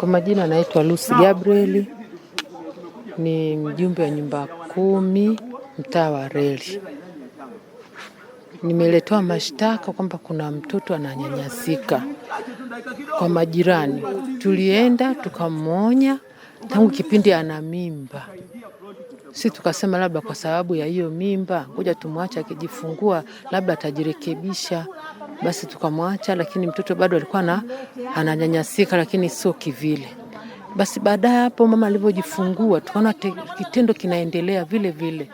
Kwa majina anaitwa Lucy Gabriel, ni mjumbe wa nyumba kumi mtaa wa Reli. Nimeletewa mashtaka kwamba kuna mtoto ananyanyasika kwa majirani. Tulienda tukamwonya tangu kipindi ana mimba, si tukasema labda kwa sababu ya hiyo mimba, ngoja tumwache akijifungua, labda atajirekebisha. Basi tukamwacha, lakini mtoto bado alikuwa na ananyanyasika, lakini sio kivile. Basi baadaye hapo mama alivyojifungua, tukaona kitendo kinaendelea vile vile.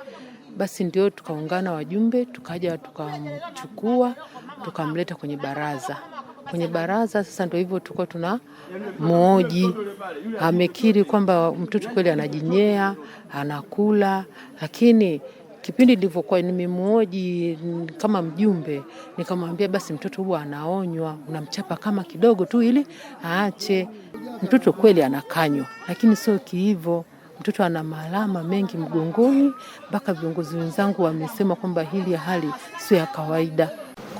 Basi ndio tukaungana wajumbe, tukaja tukamchukua, tukamleta kwenye baraza kwenye baraza. Sasa ndio hivyo, tulikuwa tuna mwoji amekiri kwamba mtoto kweli anajinyea anakula, lakini Kipindi nilivyokuwa nimemwoji kama mjumbe, nikamwambia basi mtoto huwa anaonywa, unamchapa kama kidogo tu ili aache. Mtoto kweli anakanywa, lakini sio kiivo. Mtoto ana malama mengi mgongoni, mpaka viongozi wenzangu wamesema kwamba hili ya hali sio ya kawaida.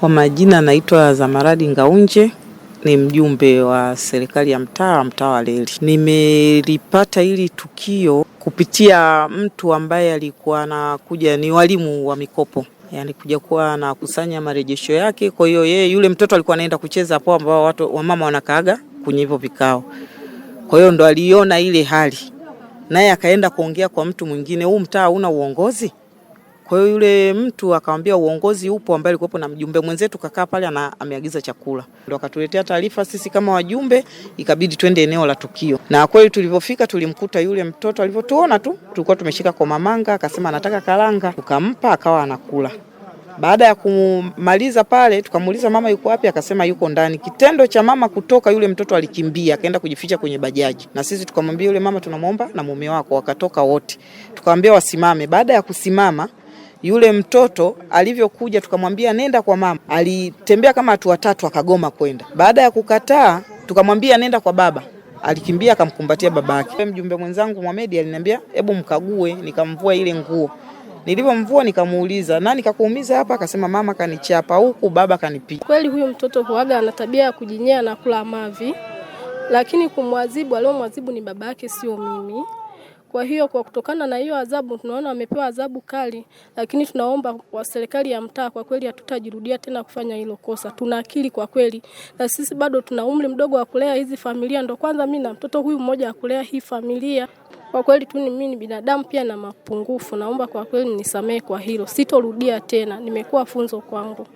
Kwa majina anaitwa Zamaradi Ngaunje, ni mjumbe wa serikali ya mtaa wa mtaa wa Leli. Nimelipata hili tukio kupitia mtu ambaye alikuwa anakuja, ni walimu wa mikopo yani kuja kuwa anakusanya marejesho yake. Kwa hiyo yeye yule mtoto alikuwa anaenda kucheza hapo ambao watu mama wanakaaga kwenye hivyo vikao. Kwa hiyo ndo aliona ile hali, naye akaenda kuongea kwa mtu mwingine, huu mtaa una uongozi kwa hiyo yule mtu akamwambia uongozi upo, ambaye alikuwa na mjumbe mwenzetu kakaa pale na ameagiza chakula, ndio akatuletea taarifa sisi kama wajumbe, ikabidi twende eneo la tukio. Na kweli tulivyofika, tulimkuta yule mtoto, alivyotuona tu tulikuwa tumeshika kwa mamanga, akasema anataka karanga, tukampa akawa anakula. Baada ya kumaliza pale, tukamuuliza mama yuko wapi, akasema yuko ndani. Kitendo cha mama kutoka, yule mtoto alikimbia akaenda kujificha kwenye bajaji, na sisi tukamwambia yule mama, tunamwomba na mume wako. Wakatoka wote, tukamwambia wasimame. Baada ya kusimama yule mtoto alivyokuja, tukamwambia nenda kwa mama, alitembea kama watu watatu akagoma kwenda. Baada ya kukataa, tukamwambia nenda kwa baba alikimbia akamkumbatia baba yake. Mjumbe mwenzangu Mohamed aliniambia hebu mkague, nikamvua ile nguo. Nilivyomvua nikamuuliza nani kakuumiza hapa, akasema mama kanichapa huku, baba kanipiga. Kweli huyo mtoto huaga ana tabia ya kujinyea na kula mavi, lakini kumwadhibu, aliomwazibu ni baba yake, sio mimi. Kwa hiyo kwa kutokana na hiyo adhabu tunaona wamepewa adhabu kali, lakini tunaomba kwa serikali ya mtaa, kwa kweli hatutajirudia tena kufanya hilo kosa. Tuna akili kwa kweli, na sisi bado tuna umri mdogo wa kulea hizi familia, ndo kwanza mimi na mtoto huyu mmoja wa kulea hii familia. Kwa kweli tu mimi ni binadamu pia na mapungufu, naomba kwa kweli nisamehe kwa hilo, sitorudia tena, nimekuwa funzo kwangu.